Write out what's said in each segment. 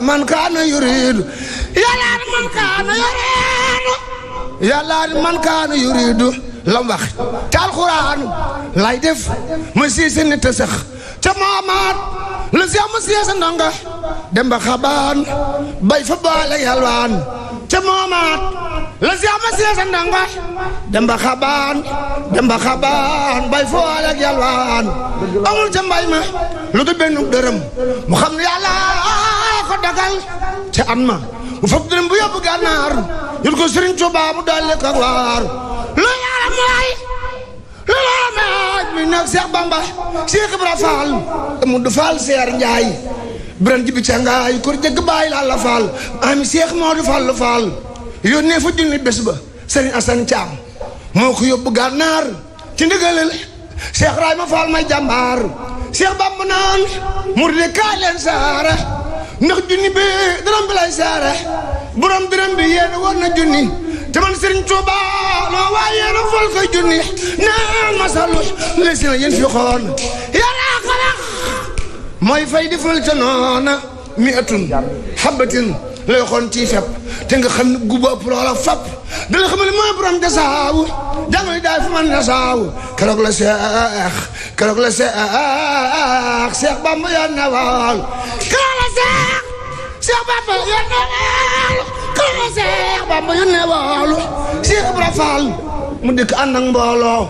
man kaana yuriidu yàllaari man kaana yuriidu yàllaari man kaana yuriidu lam lay def ma siisi nit a sax ca maamaat la si am siisa ndonga xabaan bay fa boole yalwaan ca moomaat la si am siisa ndonga xabaan dem xabaan bay fa boole yalwaan amul ca mbay ma lu du benn dërëm mu xam ne yàlla dal te an ma mu fab dërëm bu yóbbu gànnaar yóbbu ko Serigne Touba mu dolli ko waar lu yaram Seer Ndiaye biran jibi ca ngaay kor jëgg bàyyi la la Fall ami Cheikh Modou Fall Fall yónnee fa junni bés ba Serigne Assane Thiam moo ko yóbbu gànnaar ci ndigalal Cheikh Rayma Fall may jàmbaar Cheikh Bamba naan mur de kaa leen saara ndax junni bi dërëm bi lay saare borom dërëm bi yéen war na junni te man Serigne Touba waaye yéen a fol ko junni naan masalu li fi xoon yaraa xalax mooy fay di ful te noona mi atun xabatin lay xoon ci fepp xam ne guba ëpp loola fap dala xam ne mooy borom dasaawu jàngo yi daal fu man dasaawu keroog la seex keroog la seex seex Bamba yaa nawal seex seex bamba yónnee waalo kër ma seex bamba yónnee waalo seex Ibra Faal mu dikk ànd ak mbooloo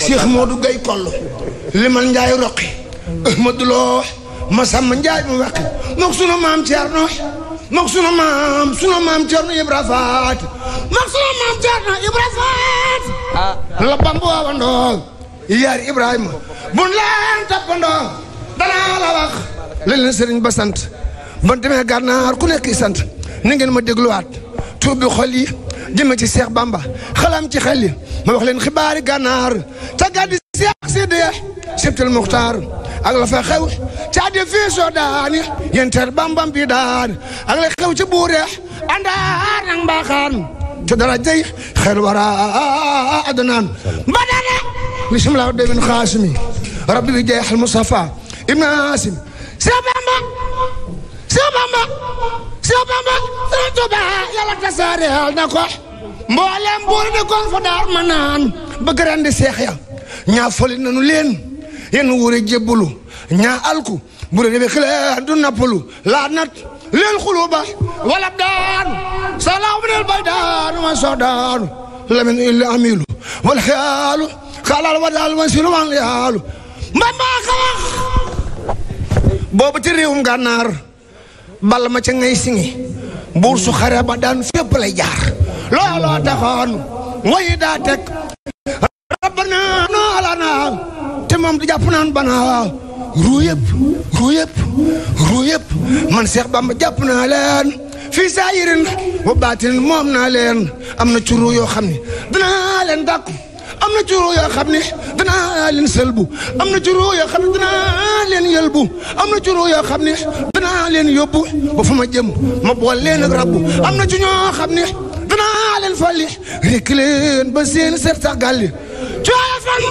seex Moodu Gay Kollu limal njaay roqi ahmadu loo masamba njaay mu waqi mook sunu maam Ceerno mook sunu maam sunu maam Ceerno Ibra Faat mook sunu maam Ceerno Ibra Faat ah. la bamba waawandoo yaar Ibrahima bun leen toppandoo danaa la wax lañ leen sëriñ ba sant ban demee gànnaar ku nekk i sant na ngeen ma dégluwaat tuub bi xol yi jëme ci Seex Bamba xalam ci xel ma wax leen xibaari gànnaar ca gàddi Seex Sidi Sibtil Muxtaar ak la fa xew caa fii soo daani bambam bi daan ak la xew ci buure andaar ak mbaaxaan te dara jëy xel wara adanaan mba dana bisimilah demin xaasimi rabbi bi jeexal Mustafa ibn Seex Bamba Seex Bamba Seex Bamba Sëriñ Tuuba yàlla tasaareel na ko mboolem buur di kon fa daar ma naan bëgg ren di seex ya ñaa foli nanu leen yéen wuure jébbalu ñaa alku bu dee dafay xële du nappalu laa nat leen xuluba wala daan salaamu minal bay daanu ma soo daanu lamin illi amilu wala xiyaalu xaalal wa daal ma silu man yaalu mbaa mbaa ka wax boobu ci réewum gànnaar bal ma ca ngay singi buur su xare ba daan fépp lay jaar looloo taxoon mooy daa teg rabbana noolana te moom di jàpp naan bana ruu yëpp ruu yëpp ruu yëpp man Seex Bamba jàpp naa leen fii saa yirin wa baatin moom naa leen am na ci yoo xam ne dinaa leen dàkku am na ci yoo xam ne danaa leen sëlbu am na ci ruu yoo xam ne danaa leen yëlbu am na ci ruu yoo xam ne danaa leen yóbbu ba fa ma jëm ma bool leen rabbu am na ci ñoo xam ne danaa leen folli rekk leen ba seen seet sax gàlli cooyo fan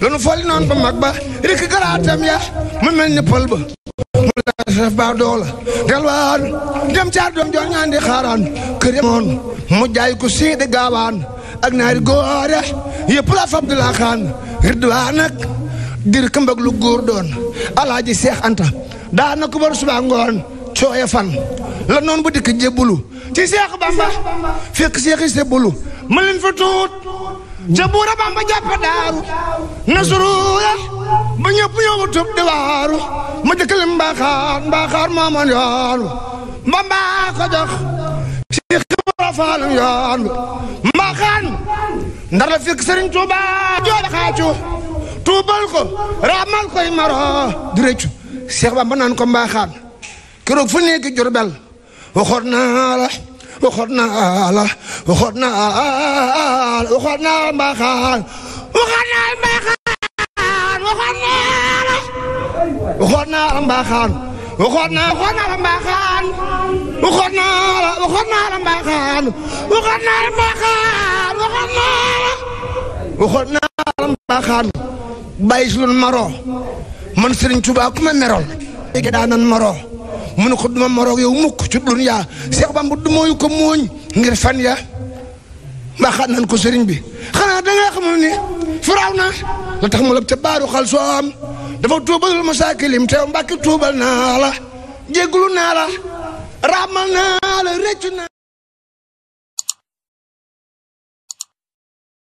lanu folli noonu ba mag ba rekk garaatam ya mu mel ni pël ba def ba doola delwaan dem caar doom joor ñaan xaaraan kër yamoon mu jaay ko seede gaawaan ak naari góore yëpp la fab dulaa xaan ridwaanak dir këmbag lu góor doon alaaji seex anta daana ko bar suba ngoon cooye fan la noon bu dikk jébbulu ci seex bamba fekk seexi sébbulu ma leen fa tuut jabuura bamba jàpp daaru na suruura ba ñëpp ñëw ma di waaru ma jëkk leen mbaaxaar mbaaxaar moomoon yoonu bamba ko jox seex bara faalam yoonu mbaaxaan ndar la fekk Serigne Touba joola xaacu ko raamal koy maro du rëccu Cheikh Bamba naan ko mbaaxaan keroog fu nekk Jurbel waxoon naa la waxoon naa la waxoon naa la waxoon naa mbaaxaan la waxoon naa la la mbaaxaan waxoon naa la waxoon waxoon naa ram baaxaan bàyyi si loon maroo man Serigne Touba ku ma meroon léegi daa nan maroo mu ne ko duma maroo yow mukk ci dun yaa Cheikh Bamba du mooyu ko mooñ ngir fan ya baaxaan nan ko Serigne bi xanaa danga xamul ni firaw na la tax mu lab ca baaru xal soo am dafa tuubalul masaakilim teew mbàkki tuubal naa la jéggulu naa la raamal naa la rëccu naa